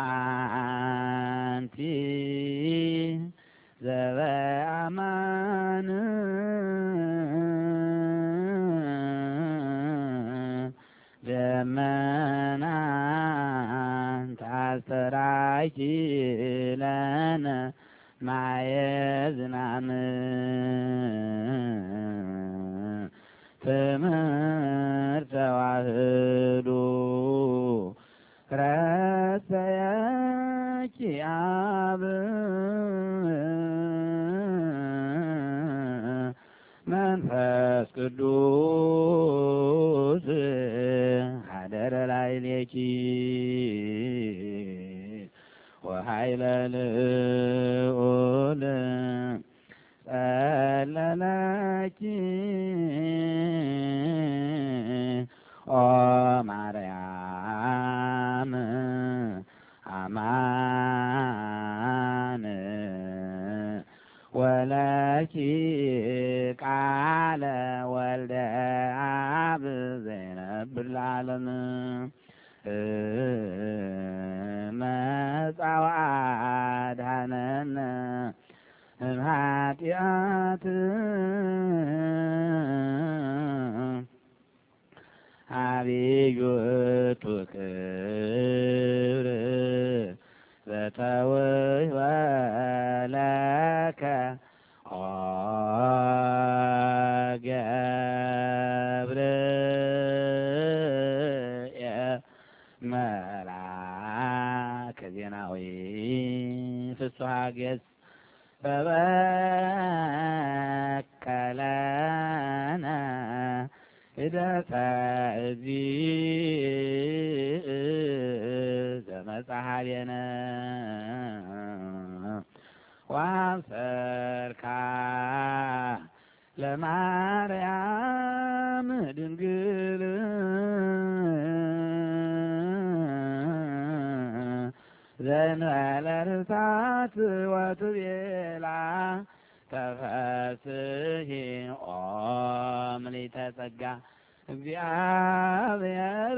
አንቲ ዘበአማን ደመናን ታስተራቂ ለነ ማየዝናም ትምህርት ተዋህዶ ተስበያኪ አብ መንፈስ ቅዱስ ሀደረ ላይሌኪ ወሀይለ ልዑ ወለኪ ቃለ ወልደ አብ ዘይነብር ለዓለም መጻዋ አድኀነነ እምኃጢአት አብዩ መልአከ ዜናዊ ፍስሐ ገጽ በበቀለነ ሂደተ እግዚእ ዘመጽሐሌነ ዋብሰርካ ለማርያም ድንግል ዘንበለርሳት ወቱቤላ ተፈስሒ ኦም ሊተጸጋ እግዚአብሔር